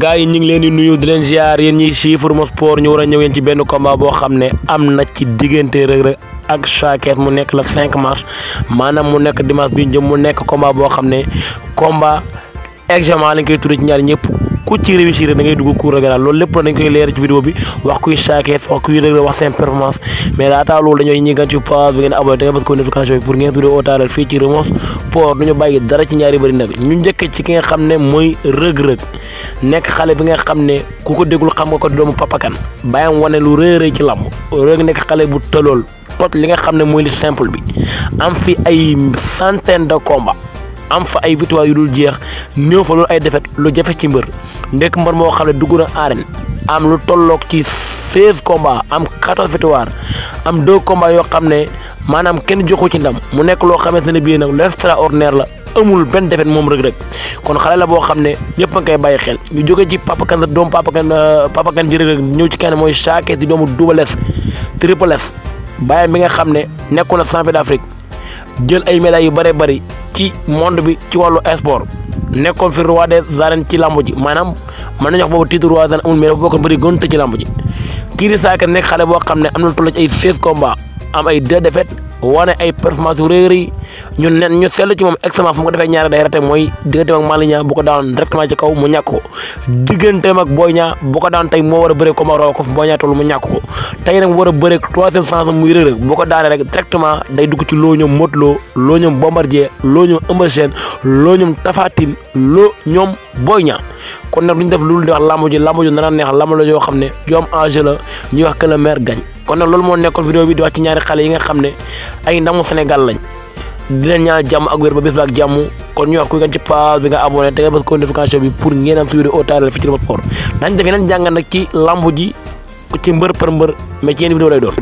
gaa yi ñu ngi leen di nuyu di leen ziar yéen ñiy suivre Mo Sport ñu war ñëween ci benn combat boo xam ne am na ci diggante Reug Reug ak sa mu nekk la 5 mars maanaam mu nekk dimanche bi njëm mu nekk combat boo xam ne combat examen lañ koy tuddee ci ñaar ñëpp. ku ci réussir da ngay dugg cours regal lool lepp dañ koy leer ci vidéo bi wax kuy saké wax kuy rëg wax sen performance mais laataa ta lool dañoy ñinga ci page bi ngeen abonné da nga bëgg ko notification bi pour ngeen vidéo taalal fi ci remos pour ñu bayyi dara ci ñaari bari nak ñu ñëk ci ki nga xamné moy reug reug nek xalé bi nga xamné ku ko déggul xam nga ko doomu papa kan bayam wane lu rëy rëy ci lamb reug nek xalé bu tëlool pot li nga xamné moy li simple bi am fi ay centaine de combat am fa ay victoire yu dul jeex néew fa loolu ay défaite lu jafe ci mbër ndekk mbër moo xam ne dugg na arène am lu tolloog ci seize combats am quatorze victoire am deux combats yoo xam ne maanaam kenn joxu ci ndam mu nekk loo xamante ne bii nag lu extraordinaire la amul benn defet moom Reug Reug kon xale la boo xam ne ñëpp a ngi bàyyi xel ñu jóge ci Papa doom doomu Papa Kan euh, Papa Kan ji Reug ñëw ci kenn mooy Sa Thiès di doomu Double Less Triple Less bàyyam bi nga xam ne nekkoon na champion d'Afrique jël ay médailles yu bare bari ci monde bi ci wàllu sport nekkoon fi roi des arènes ci làmb ji maanaam mën nañu wax boobu titre roi des arènes amul mais dafa bokkoon bëri gënut ci làmb ji Kiri Saaka nekk xale boo xam ne am na toll ci ay 16 combats am ay 2 défaites wone ay performance yu reeri ñun nen ñu sell ci mom excellence fu mu defé defee ñaari day raté moy digënté ak malinya bu ko daan directement ci kaw mu ñàkk ko digganteem ak boyña bu ko daan tay mo wara a ko maro ko Boy Niang toll mu ñàkk ko tey nag war a 3e chance mu reer rek bu ko daanee rek directement day dugg ci loñu modlo loñu Bombardier loñu ñoom Eumeu Sène loo ñoom Tapha Tine kon nak luñu def loolu di wax lamb ji lamb ji nana neex lamu la yo xam jom joom enjeu la ñuy wax que le maire gagne kon nag loolu moo nekkoon vidéo bi di wax ci ñaari xale yi nga xam ne ay ndamu Sénégal lañ dinañ ñaan jàmm ak wér ba bés ba jàmm kon ñu wax ku ngeen ci page bi nga abonné da nga bës ko notification bi pour ngeen am si vidéo au taaral fi ci Ribot Sport nañ def yeneen jàngat nag ci lamb ji ci mbër mbër mais ci yenn vidéo lay doon.